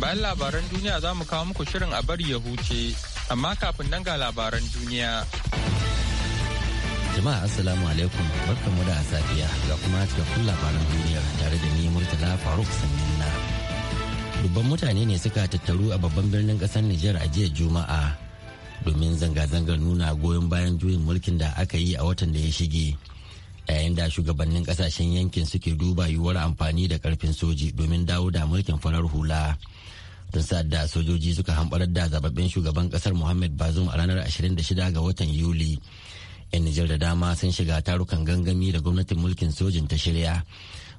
Bayan labaran duniya za mu kawo muku shirin a bari ya huce, amma kafin nan ga labaran duniya. Jama'a Assalamu alaikum barkanmu da safiya ga kuma cikakkun labaran duniyar tare da ni Murtala Faruk Sanina. Dubban mutane ne suka tattaru a babban birnin kasar Nijar a jiya Juma'a domin zanga-zangar nuna goyon bayan juyin mulkin da aka yi a watan da ya shige. yayin da shugabannin kasashen yankin suke duba yiwuwar amfani da karfin soji domin dawo da mulkin farar hula tun da sojoji suka hambarar da zababben shugaban kasar muhammad bazum a ranar 26 ga watan yuli yan nijar da dama sun shiga tarukan gangami da gwamnatin mulkin sojin ta shirya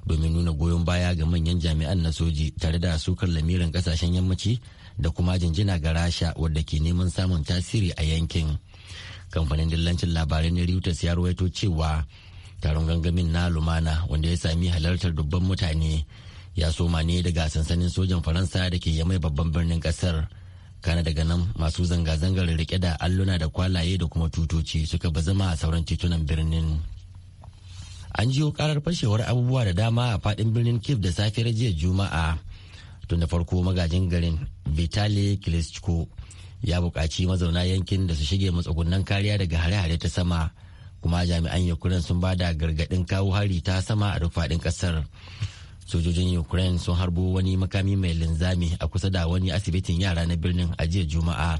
domin nuna goyon baya ga manyan jami'an na soji tare da sukar lamirin kasashen yammaci da kuma jinjina ga rasha wadda ke neman samun tasiri a yankin kamfanin dillancin labarai na reuters ya ruwaito cewa taron gangamin na lumana wanda ya sami halartar dubban mutane ya soma ne daga sansanin sojan faransa da ke yamai babban birnin kasar kana daga nan masu zanga-zangar rike da alluna da kwalaye da kuma tutoci suka zama a sauran titunan birnin an jiyo karar fashewar abubuwa da dama a fadin birnin kif da safiyar jiya juma'a tun da farko magajin garin vitali klitschko ya buƙaci mazauna yankin da su shige matsugunan kariya daga hare-hare ta sama kuma jami'an ukraine sun bada gargadin kawo hari ta sama a duk faɗin ƙasar sojojin ukraine sun harbo wani makami mai linzami a kusa da wani asibitin yara na birnin a jiya juma'a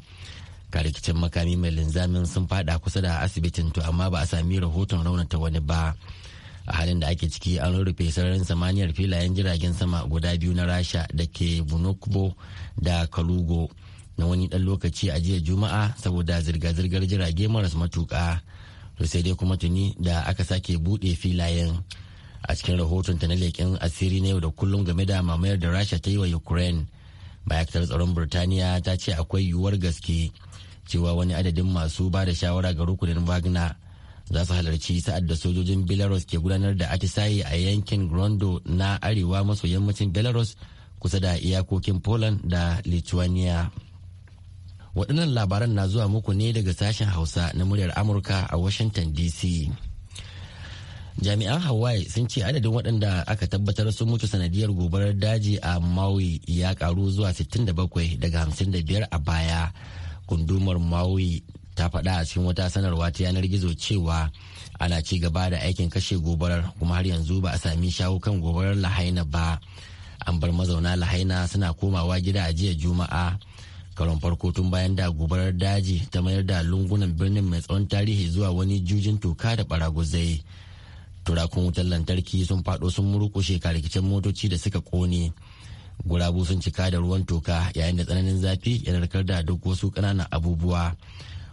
karikicin makami mai linzamin sun fada kusa da asibitin to amma ba a sami rahoton raunata wani ba a halin da ake ciki an rufe sararin samaniyar filayen jiragen sama guda biyu na rasha da ke bunokbo da kalugo na wani dan lokaci a jiya juma'a saboda zirga-zirgar jirage maras matuƙa to sai dai kuma tuni da aka sake buɗe filayen a cikin rahoton ta na leƙen asiri na yau da kullum game da mamayar da rasha ta yi wa ukraine ma'aikatar tsaron burtaniya ta ce akwai yiwuwar gaske cewa wani adadin masu ba da shawara ga rukunin wagner za su halarci sa'ad da sojojin belarus ke gudanar da atisaye a yankin grondo na arewa maso yammacin belarus kusa da iyakokin poland da lithuania waɗannan labaran na zuwa muku ne daga sashen hausa na muryar amurka a washington dc jami'an hawaii sun ce adadin waɗanda aka tabbatar sun mutu sanadiyar gobarar daji a maui ya karu zuwa 67 daga 55 a baya gundumar maui ta faɗa a cikin wata sanarwa ta yanar gizo cewa ana ci gaba da aikin kashe gobarar kuma har yanzu ba a sami shawo kan gobarar lahaina ba an bar mazauna lahaina suna komawa gida a jiya juma'a karon farko tun bayan da gobarar daji ta mayar da lungunan birnin mai tsawon tarihi zuwa wani jujin toka da baraguzai turakun wutar lantarki sun fado sun murkushe ka rikicin motoci da suka kone gurabu sun cika da ruwan toka yayin da tsananin zafi ya narkar da duk wasu ƙananan abubuwa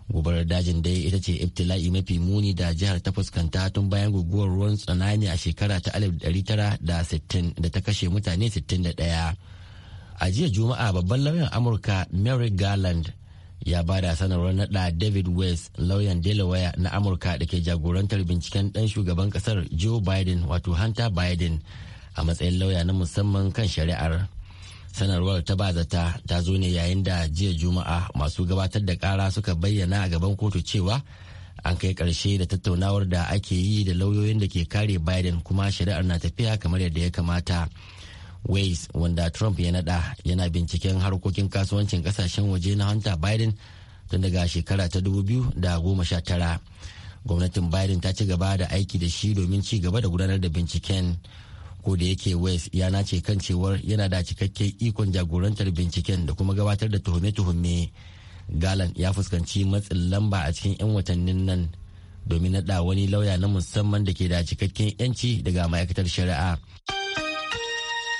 gobarar dajin dai ita ce ibtila'i mafi muni da jihar ta fuskanta tun bayan guguwar ruwan tsanani a shekara ta 1960 da ta kashe mutane 61 a jiya juma'a babban lauyan amurka merrick garland ya ba da sanarwar naɗa david west lauyan delaware na amurka da ke jagorantar binciken ɗan shugaban ƙasar joe biden wato hunter biden a matsayin lauya na musamman kan shari'ar sanarwar ta bazata ta zo ne yayin da jiya juma'a masu gabatar da ƙara suka bayyana a gaban kotu cewa an kai ƙarshe da tattaunawar da ake yi da lauyoyin da ke kare biden kuma shari'ar na tafiya kamar yadda ya kamata Ways wanda Trump ya nada yana binciken harkokin kasuwancin kasashen waje na Hunter Biden tun daga shekara ta 2019. Gwamnatin Biden ta ci gaba da aiki da shi domin ci gaba da gudanar da binciken. Ko da yake West ya nace kan cewar yana da cikakken ikon jagorantar binciken da kuma gabatar da tuhume-tuhume. Galan ya fuskanci matsin lamba a cikin 'yan watannin nan domin naɗa wani lauya na musamman da ke da cikakken 'yanci daga ma'aikatar shari'a.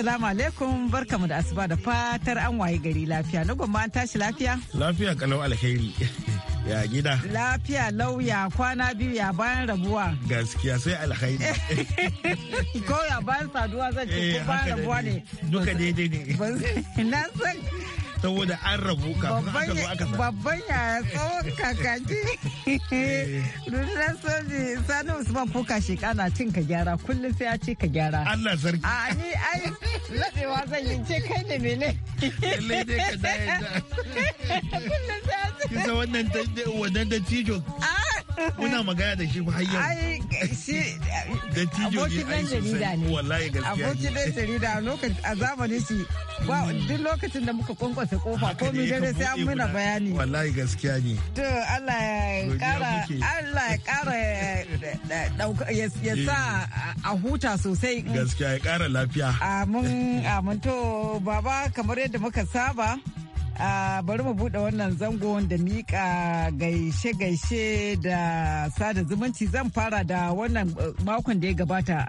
Assalamu alaikum barkamu da asuba da fatar an waye gari lafiya. Na gwamma an tashi lafiya? Lafiya kalau alheri. Ya gida. Lafiya lauya kwana biyu ya bayan rabuwa. Gaskiya sai alheri. Ko ya bayan saduwa zan ce ko eh, bayan rabuwa ne. Duka daidai ne. Na san saboda an rabu kafin aka zo aka babban ya tsawon kakaki rundunar soji sani usman kuka shi kana cin ka gyara kullum sai ya ce ka gyara allah sarki a ni ai ladewa zan yi ce kai da mene lallai dai ka da yadda kisa wannan da tijo ah! muna magana da shi har yau abokin dan jarida ne abokin dan jarida a zamanin su duk lokacin da muka kwankwasa kofa ko mu dare sai an muna bayani wallahi gaskiya ne to Allah ya kara Allah ya kara eh, ya eh. sa a huta sosai gaskiya ya kara lafiya amin amin to baba kamar yadda muka saba bari mu buɗe wannan zango da miƙa gaishe-gaishe da sada zumunci zan fara da wannan makon da ya gabata.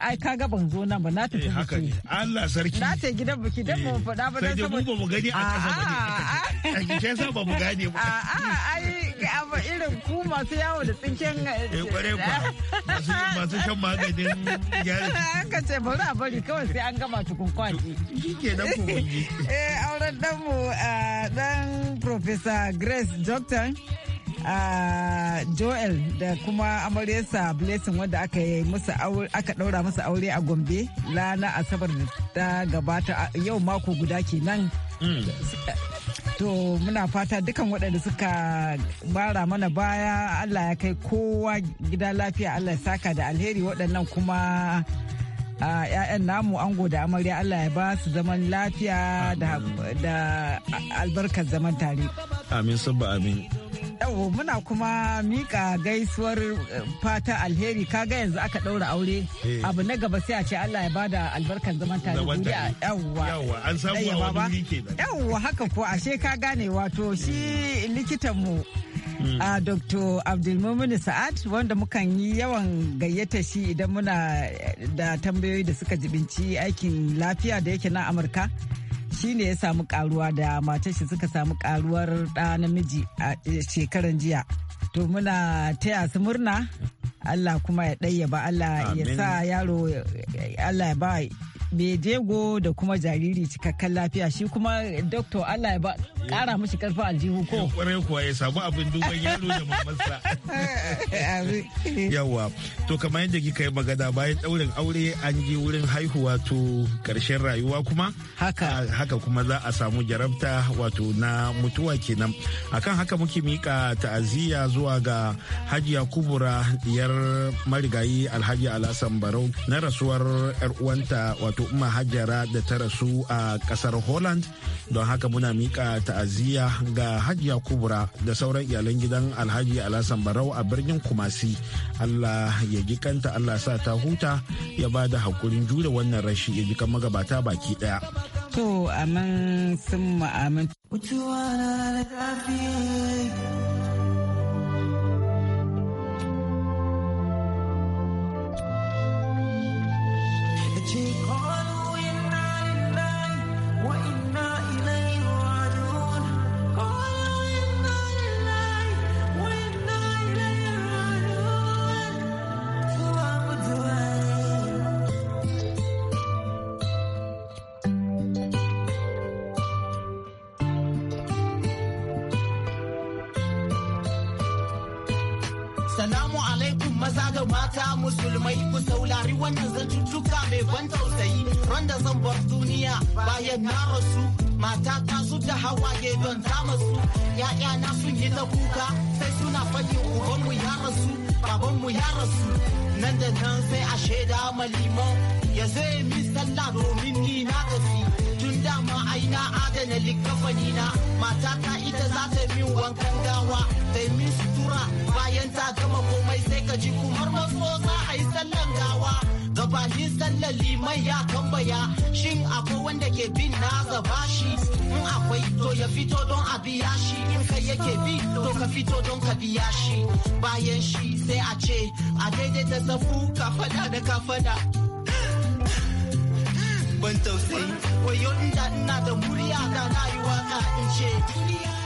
Ai ka ga ban zo nan ba na tafi biki. Allah sarki. Na tafi gidan biki dan mu faɗa ba dan saboda. mu ba mu gani a kasa ba ne. A a ba mu gane ba. A a ai kai irin ku masu yawo da tsinken eh, eh kware ba masu shan maganin gyara haka ce bari a bari kawai sai an gama tukun kwaki shike dan ku eh auren dan mu dan professor Grace Doctor Uh, Joel da kuma amaryarsa Blessing wanda aka yi musu aka daura musu aure a Gombe lana Asabar da ta gabata yau mako guda kenan. Mm. To muna fata dukan waɗanda suka bara mana baya Allah ya kai kowa gida lafiya Allah ya saka da alheri waɗannan kuma 'ya'yan namu ango da amarya Allah ya ba su zaman lafiya da albarkar zaman tare. Amin sabba amin. Yau muna kuma mika gaisuwar eh, fata alheri kaga yanzu aka ɗaura aure eh. abu na gaba sai a ce Allah ya bada albarkar zaman tare duniya yawwa an samu a wani Yawwa haka ko ashe ka gane wato shi likitanmu Mm. a dr abdulmumin sa'ad wanda mukan yi yawan gayyata shi idan muna eh, da tambayoyi da suka jibinci aikin lafiya da yake na amurka shi ne ya samu karuwa da matar shi suka samu karuwar ɗa namiji a eh, shekaran jiya to muna taya su murna Allah kuma ya ɗaya Allah ya sa yaro eh, Allah ya ba Bedego da kuma jariri cikakken lafiya shi kuma Dr. Allah ya ba kara mashi karfin aljihu ko. Kwarai kuwa ya samu abin duban yaro da mamansa. Yawa to kamar yadda kika yi magana bayan ɗaurin aure an je wurin haihuwa to ƙarshen rayuwa kuma. Haka. Ah, haka kuma za a samu jarabta wato na mutuwa kenan. Akan haka muke mika ta'aziyya zuwa ga Hajiya Kubura diyar marigayi Alhaji Alhassan Barau na rasuwar 'yar uwanta wato wato umma hajjara da ta rasu a kasar holland don haka muna miƙa ta'aziyya ga hajjiya kubura da sauran iyalan gidan alhaji alhassan barau a birnin kumasi allah ya ji kanta allah sa ta huta ya ba da hakurin jure wannan rashi ya ji kan magabata baki daya to amin sun ma'amin ban tausayi randa zan bar duniya bayan na rasu mata ta su da hawaye don ta masu ya'ya na sun yi ta kuka sai suna fadi ubanmu ya rasu babanmu ya rasu nan da nan sai a shaida ma limon ya zai mi sallah domin ni na dama aina adana likafani na matata ita za ta yi min wankan gawa yi min sutura bayan ta gama komai sai ka ji kumar maso za a yi sallan gawa gabanin sallan liman ya kambaya shin akwai wanda ke bin zaba shi? in akwai to ya fito don a biya shi in kai yake bi to ka fito don ka biya shi bayan shi sai a ce a daidaita zafu ka da ka ban tausayi wayo inda ina da murya da rayuwa na in ce duniya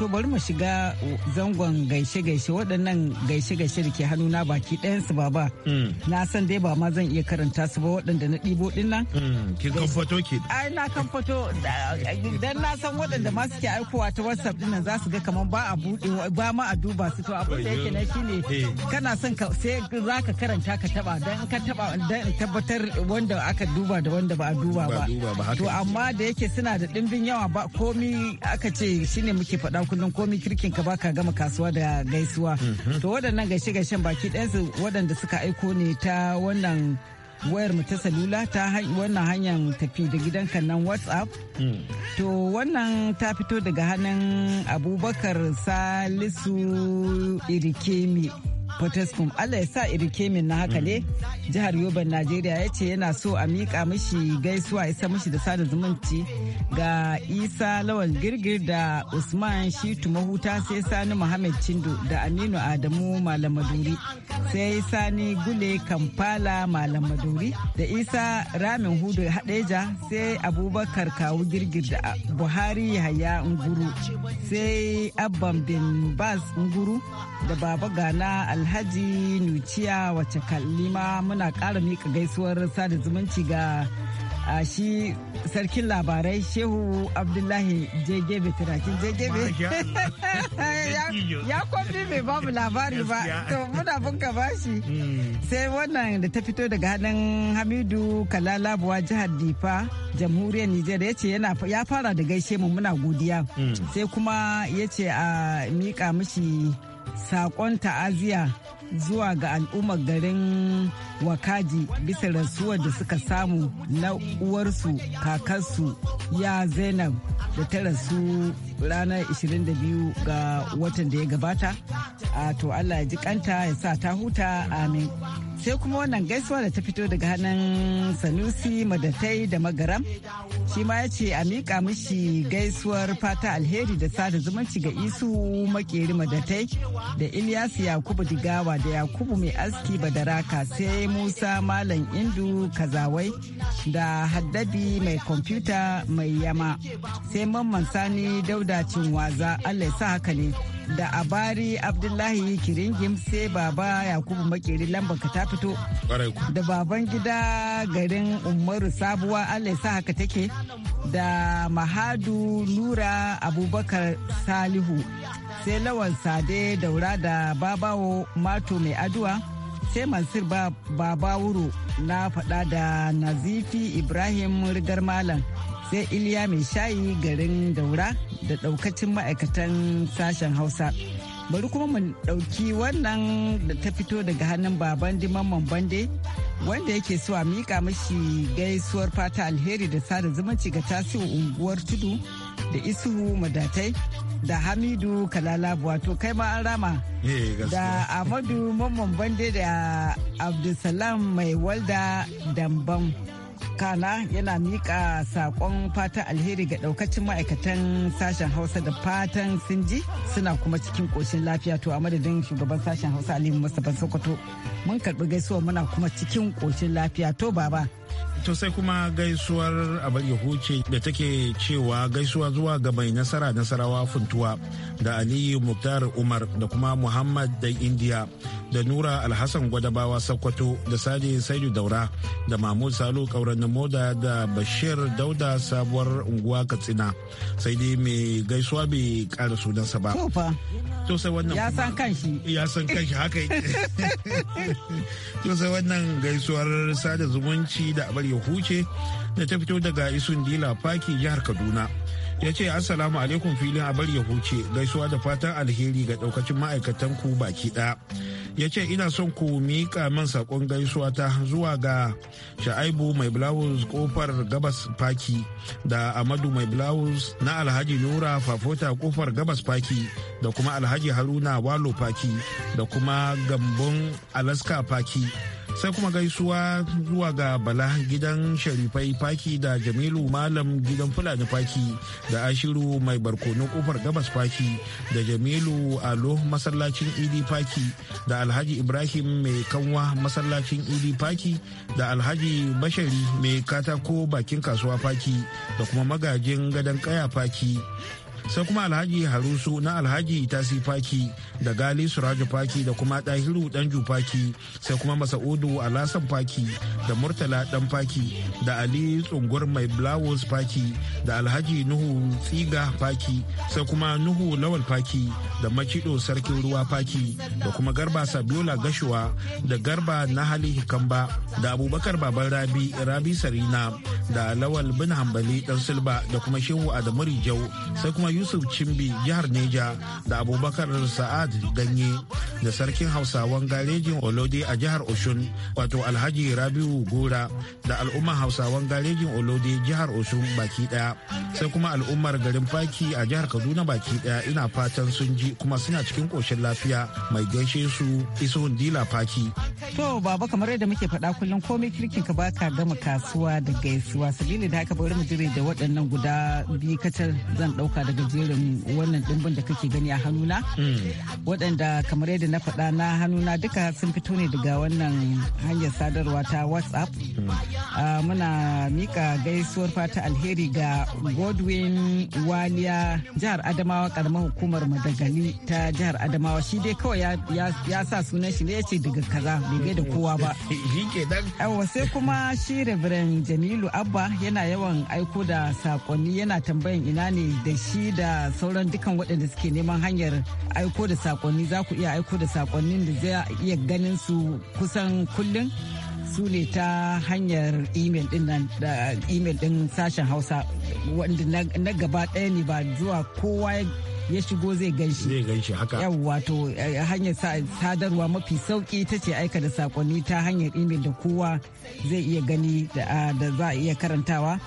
to bari mu shiga zangon gaishe-gaishe waɗannan gaishe-gaishe da ke hannuna baki ɗayansu ba ba mm. na san dai ba ma zan iya karanta su ba waɗanda na ɗibo ɗin nan mm. kin kamfato ki ai na kamfato dan na san waɗanda ma suke aikowa ta whatsapp ɗin nan za su ga kamar ba a buɗe ba ma a duba su to abin da yake na shine eh. kana son ka sai za ka karanta ka taba dan ka taba dan tabbatar wanda aka duba da wanda ba a duba ba to amma da yake suna da ɗimbin yawa ba komi aka ce shine muke faɗa kullum komi kirkin ka baka gama kasuwa da gaisuwa mhm. to waɗannan gaishe gaishen baki ɗansu waɗanda suka aiko ne ta wannan wayar mu ta salula ta wannan hanyar tafi da gidanka nan whatsapp hmm. to wannan ta fito daga hannun abubakar salisu irikemi potescom allah ya sa iri kemin na haka ne jihar yoban najeriya ya ce yana so a miƙa mishi gaisuwa isa mishi da sada zumunci ga isa lawal girgir da usman shitu mahuta sai sani muhammad cindo da aminu adamu malam maduri sai sani gule kampala malam maduri da isa ramin hudu hadeja sai abubakar kawu girgir da buhari yahaya nguru sai abban bin bas nguru da baba gana al alhaji nuciya wacce kalima muna ƙara mika gaisuwar sada zumunci ga a shi sarkin labarai shehu abdullahi jegebe turakin jegebe ya kwamfi mai babu labari ba to muna bunka bashi hmm. sai wannan da ta fito daga hannun hamidu kalalabuwa jihar difa jamhuriyar nijar ya ce ya fara da gaishe mu muna godiya hmm. sai kuma ya ce a mika mishi sakon ta'aziya zuwa ga al'ummar garin wakaji bisa rasuwar da suka samu na uwarsu kakarsu ya zainab da ta rasu ranar 22 ga watan da ya gabata a to allah ya ji kanta ya sa ta huta amin sai kuma wannan gaisuwa da ta fito daga hannun sanusi madatai da magaram shi ma ya ce a miƙa mishi gaisuwar fata alheri da sada zumunci ga isu makeri madatai da ilyas yakubu digawa da yakubu mai aski badaraka sai musa malam indu kazawai da haddabi mai kwamfuta mai yama sai mamman sani dauda waza allah ya sa haka ne da abari abdullahi kiringim sai baba yakubu makeri lambar ka ta fito da baban gida garin umaru sabuwa allah sa haka take da mahadu nura abubakar salihu sai lawan sade daura da babawo mato mai aduwa sai mansur wuro na fada da nazifi ibrahim rigar malam sai iliya mai shayi garin daura da ɗaukacin ma'aikatan sashen hausa bari kuma mu ɗauki wannan da ta fito daga hannun baban diman bande wanda yake so a mika mashi gaisuwar fata alheri da sada zumunci ga tasirin unguwar tudu da isuhu madatai da hamidu Kalala wato kai ma an rama eh, da amadu mamman bande da abdulsalam mai walda dambam Kala yana miƙa sakon fatan alheri ga ɗaukacin ma'aikatan sashen Hausa da fatan sun ji suna kuma cikin koshin lafiya to a madadin shugaban sashen Hausa Aliyu Mustapha Sokoto. Mun karɓi gaisuwa muna kuma cikin koshin lafiya to baba. To sai kuma gaisuwar abar yahuce da take cewa gaisuwa zuwa ga mai nasara nasarawa funtuwa da Aliyu Muktar Umar da kuma Muhammad da India da Nura Alhassan Gwadabawa Sokoto da Sadi Saidu Daura da Mahmud Salu Kauran Moda da Bashir Dauda sabuwar unguwa Katsina sai dai mai gaisuwa bai kara sunansa ba. To sai wannan ya san kanshi. Ya san kanshi haka To sai wannan gaisuwar sada zumunci da abar ya huce da ta fito daga isun dila paki jihar kaduna ya ce assalamu alaikum filin a bari ya huce gaisuwa da fatan alheri ga daukacin ma'aikatan ku baki ɗaya ya ce ina son ku miƙa man saƙon gaisuwa ta zuwa ga sha'aibu mai blouse kofar gabas faki da amadu mai blouse na alhaji nura fafota kofar gabas faki da kuma alhaji haruna walo paki da kuma gambon alaska paki. sai kuma gaisuwa zuwa ga bala gidan sharifai faki da jamilu malam gidan fulani faki da ashiru mai barkono kofar gabas faki da jamilu alo masallacin idi faki da alhaji ibrahim mai kanwa masallacin idi faki da alhaji bashari mai katako bakin kasuwa faki da kuma magajin gadon kaya faki sai kuma alhaji harusu na alhaji tasi faki da gali suraju faki da kuma dahiru danju faki sai kuma masa'udu alasan faki da murtala dan faki da ali tsungur mai blawos faki da alhaji nuhu tsiga faki sai kuma nuhu lawal faki da macido sarkin ruwa faki da kuma garba sabiola gashuwa da garba nahali hikamba da abubakar baban rabi rabi sarina da lawal bin hambali dan silba da kuma shehu adamu rijau sai kuma yusuf cimbi jihar neja da abubakar sa'ad ganye da sarkin hausawan garejin olode a jihar oshun wato alhaji rabiu gora da al'ummar hausawan garejin olode jihar oshun baki daya sai kuma al'ummar garin faki a jihar kaduna baki daya ina fatan sun ji kuma suna cikin koshin lafiya mai gaishe su isuhun dila faki to baba kamar yadda muke faɗa kullum komai kirkin ka baka gama kasuwa da gaisuwa sabili da haka bari mu jira da waɗannan guda biyu kacal zan ɗauka daga jerin wannan dimbin da kake gani a hannuna mm. waɗanda kamar yadda na faɗa na hannuna duka sun fito ne daga wannan hanyar sadarwa ta whatsapp mm. ah, muna mika gaisuwar fata alheri ga godwin waliya jihar adamawa karamar hukumar madagali ta jihar adamawa shi dai kawai ya sa sunan shi ne ya ce daga kaza bai da kowa ba sai kuma shi reverend jamilu abba yana yawan aiko da saƙonni yana tambayan ina ne da shi da sauran dukan waɗanda suke neman hanyar aiko da sakonni za ku iya aiko da sakonnin da zai iya ganin su kusan kullum su ne ta hanyar imel din nan da imel din sashen hausa wanda na gaba ɗaya ne ba zuwa kowa ya shigo zai ganshi zai yawwa to eh, hanyar sadarwa mafi sauki ta ce aika da sakonni ta hanyar imel da kowa zai iya gani da ah, za a iya karantawa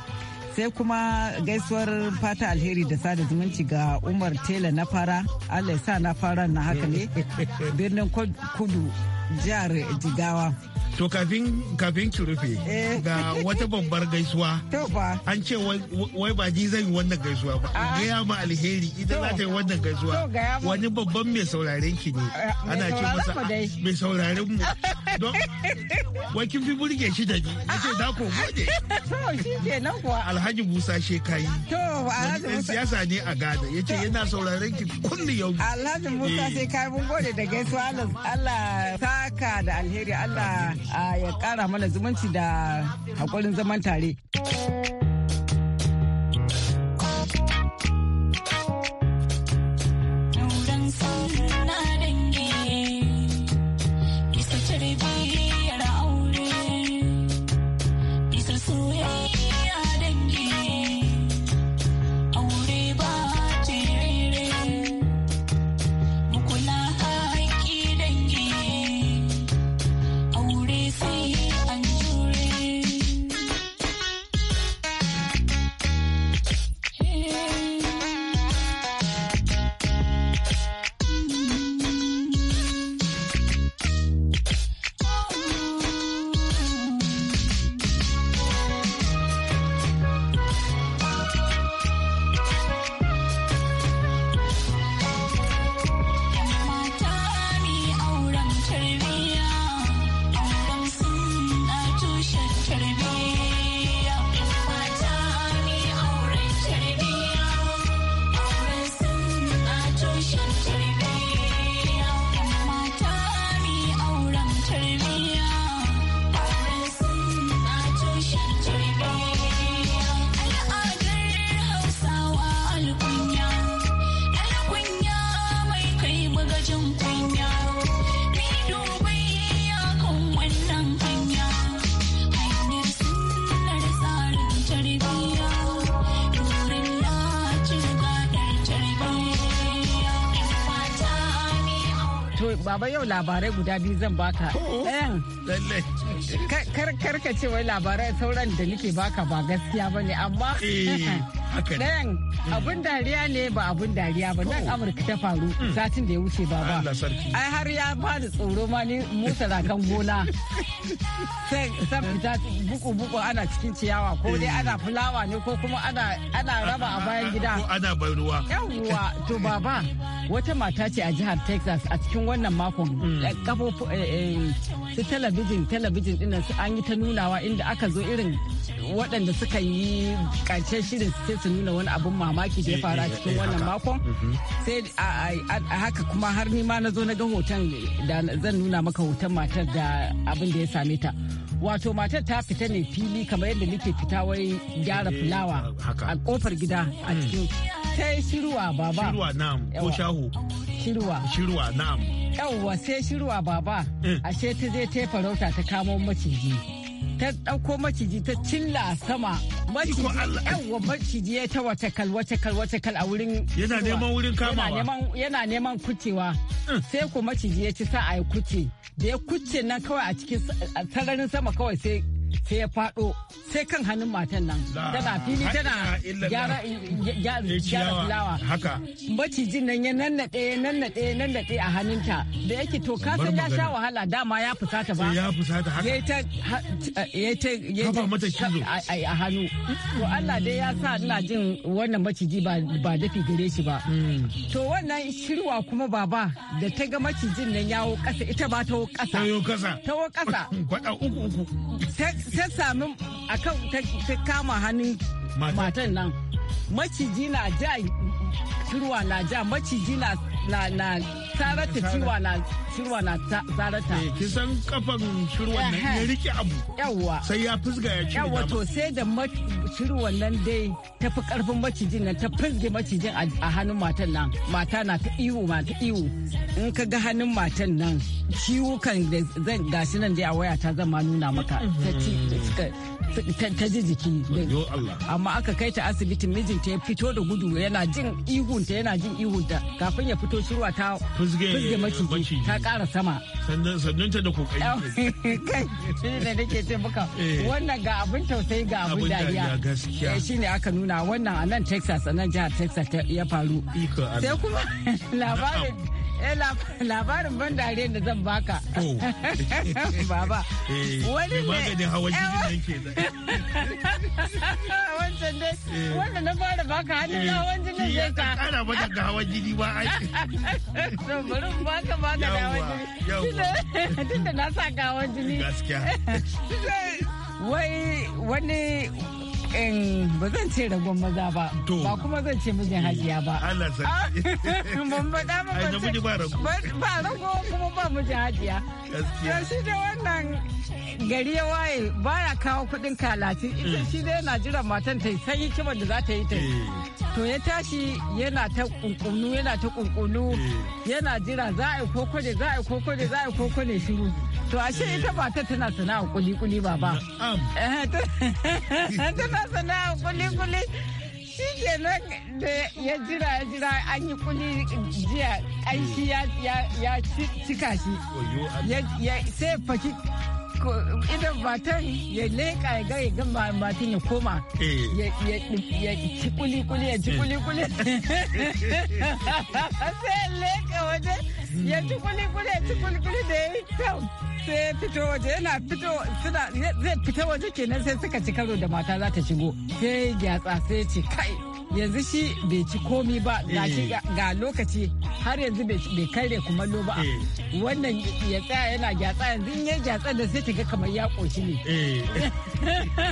sai kuma gaisuwar fata alheri da sada zumunci ga umar tela na fara allah sa na fara na haka ne birnin kudu jihar jigawa To kafin kafin ki rufe eh. ga wata babbar gaisuwa. An ce wai ba ji zai yi wannan gaisuwa ba. Gaya ma alheri ita za ta yi wannan gaisuwa. Wani babban mai sauraren ki ne. Eh, Ana ce masa mai sauraren mu. Don wai kin fi burge shi da ni. Na ce za ko gode. To shi ke nan kuwa. Alhaji Musa Shekayi. To Alhaji Musa. siyasa ne a gada. yace yana sauraren ki kullu yau. Alhaji Musa eh. Shekayi mun gode da gaisuwa Allah ta saka da alheri Allah ah, ya kara mana zumunci da hakurin zaman tare. Ka yau labarai guda biyu zan baka. Oh. Ɗayan kar ce wai labarai sauran da nake baka ba gaskiya ba ne amma ɗayan eh, abun dariya ne ba abun dariya ba nan amurka ta faru hmm. satin da ya wuce ba ba ai har ya ba da tsoro ma ni musa rakan gona sai san fita buku buku ana cikin ciyawa ko dai eh. ana fulawa ne ko kuma ana raba a bayan gida ko ana bai ruwa yawwa to baba wata mata ce a jihar texas a cikin wannan makon hmm. kafofin eh, talabijin talabijin ɗin an yi ta nunawa inda aka zo irin waɗanda suka yi ƙarshen shirin sai su nuna wani abun mamaki da ya fara eh, eh, cikin eh, wannan makon mhm. sai a haka kuma har ni ma na zo na ga hoton da zan nuna maka hoton matar da abin da ya same ta wato matar ta fita ne fili kamar yadda muke fita wai gyara fulawa a kofar gida a cikin mm. sai shiruwa baba shiruwa na ko shahu Shirwa. Shirwa, na'am. Yawwa sai shirwa baba. Eh. Ashe ta je ta farauta ta kamo maciji. Ta ɗauko maciji ta cilla sama. Maciji yawwa maciji ya ta wata kal wata kal wata kal a wurin. Yana neman wurin kamawa. Yana neman kucewa. Eh. Sai ku maciji ya ci sa a yi kuce. Da ya kuce nan kawai a cikin sararin sama kawai sai sai ya fado sai kan hannun matan nan tana fili tana gyara filawa macijin nan ya nannaɗe ya nannaɗe ya nannaɗe a hannunta da yake to kasan ya sha wahala dama ya fusata ba ya fusata haka ya ta ya ta ya ta mata kizo a hannu to Allah dai ya sa ina jin wannan maciji ba dafi gare shi ba hmm. to wannan shirwa kuma baba da ta ga macijin nan yawo kasa ita ba ta wo kasa ta wo kasa ta wo kasa uku uku ta sami akan ta kama hannun matan nan maciji na ja shirwa na ja maciji na tarata sarata ciwa na shirwa na sarata eh, kin san kafan shirwa nan ya rike abu Yawwa. sai ya fusga ya ci Yawwa to sai da shirwa nan dai ta fi karfin macijin nan ta fusge macijin a hannun matan nan mata na ta iwu ma ta iwu. in ka ga hannun matan nan ciwukan da zan gashi nan dai a waya ta zama nuna maka ta ji jiki amma aka kai ta asibitin mijinta ya fito da gudu yana jin ihunta yana jin ihunta kafin ya fito shirwa ta fuzge maciji ta kara sama sannan ta da kokari kai shi ne nake ce eh. wannan ga abin tausayi ga abin dariya eh, shi ne aka nuna wannan a nan Texas a nan jihar Texas ya faru sai kuma labarin eh, labarin ban dare da zan baka. Baba. Wani ne. nan dai wanda na fara baka hannun eh, hawan jinin zai ka kara mata ga hawan jini ba ai to bari mu baka baka da hawan jini tunda na sa ga hawan jini gaskiya wai wani ba zan ce ragon maza ba ba kuma zan ce mijin hajiya ba ban faɗa ba ba rago kuma ba mijin hajiya shi da wannan gari ya waye baya kawo kuɗin kalaci ita mm. shi dai yana jiran matan ta san hikimar da za ta yi ta eh. to ya tashi yana ta kunkunu yana ta kunkunu eh. yana jira za a yi kokone ne za a yi koko za a yi koko shiru To ashe ita ba ta tana sana'a kuli-kuli ba ba. Eh, tana sana'a kuli-kuli. Shi kenan da ya jira ya jira an yi kuli jiya an shi ya cika shi. Sai faki idan batan ya leƙa ya ga gan batan ya koma eh. ya ci kuli-kuli ya ci kuli-kuli. Sai leƙa wajen ya ci kuli ci kuli da ya yi kyau sai fito waje yana fito zai fita waje kenan sai suka ci karo da mata za ta shigo sai ya gyatsa sai ya ce kai yanzu shi bai ci komi ba ga eh. lokaci har yanzu bai kare kumallo ba eh. wannan ya tsaya yana gyatsa yanzu in ya gyatsa da sai ta ga kamar ya koshi ne eh.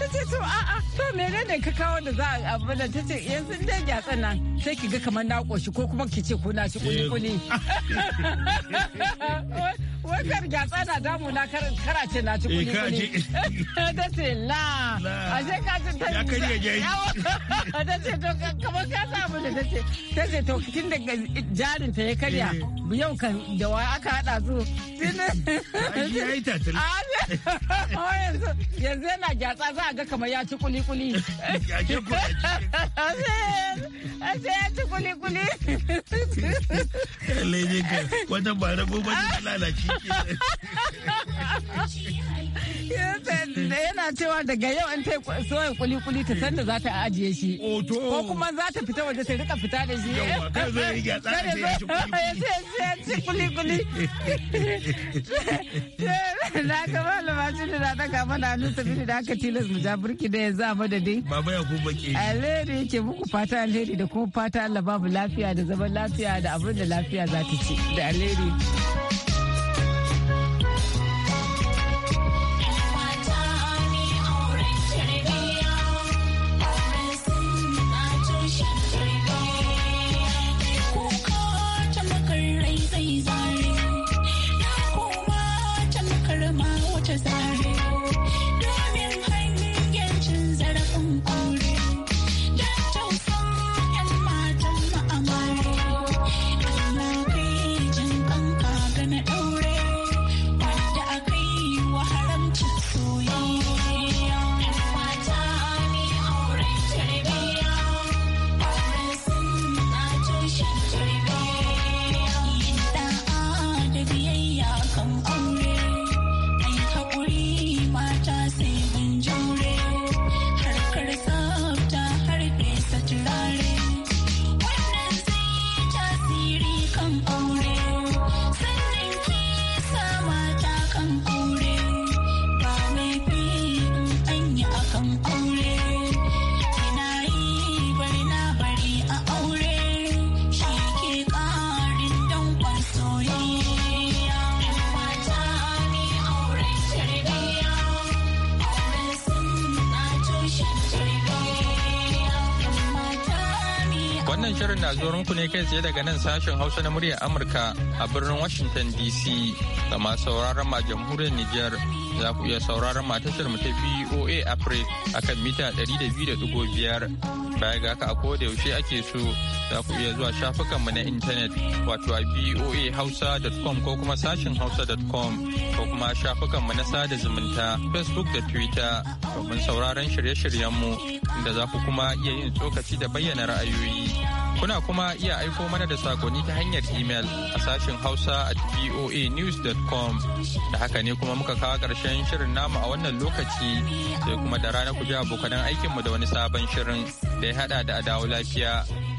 ta ce to a'a to ne ka kawo da za a abu da ta ce yanzu in ya gyatsa nan sai ki ga kamar na koshi ko kuma ki ce ko na shi kuli kuli wai kan gyatsa na damu na karace na ci kuɗi kuɗi da ce la a ce ka ci ta ya karya gai da ce to kamar ka samu da ta ce ta ce to tun da eh, jarin ta ya karya eh. yau kan da wa aka haɗa su ya yi tatil oh, yanzu yana gyatsa za a ga kamar ya ci kuli kuli ya ci kuli kuli wata ba rabu ba lalace yana cewa daga yau an ta soya kuli-kuli ta sanda za ta ajiye shi ko kuma za ta fita waje ta rika fita da shi kada ya ci kuli-kuli na malama lamashi da na daga mana hannun sabini da aka tilas mu ja burki da yanzu a madadin baba ya kuma ke alheri yake muku fata alheri da kuma fata Allah babu lafiya da zaman lafiya da abin da lafiya za ta ci da alheri shirin na zuwa ku ne kai tsaye daga nan sashen Hausa na muryar Amurka a birnin Washington DC ga masu sauraron ma jamhuriyar Nijar za ku iya sauraron ma tashar mu ta VOA Africa akan mita 200.5 baya ga ka a koda yaushe ake so za ku iya zuwa shafukan mu na intanet wato a voahausa.com ko kuma sashen hausa.com ko kuma shafukan mu na sada zumunta Facebook da Twitter domin sauraron shirye-shiryen mu da za ku kuma iya yin tsokaci da bayyana ra'ayoyi. Kuna kuma iya aiko mana da sakonni ta hanyar imel a sashen Hausa at voanews.com. Da haka ne kuma muka kawo ƙarshen shirin namu a wannan lokaci sai kuma da rana ku ji abokanan aikinmu da wani sabon shirin da ya haɗa da adawo lafiya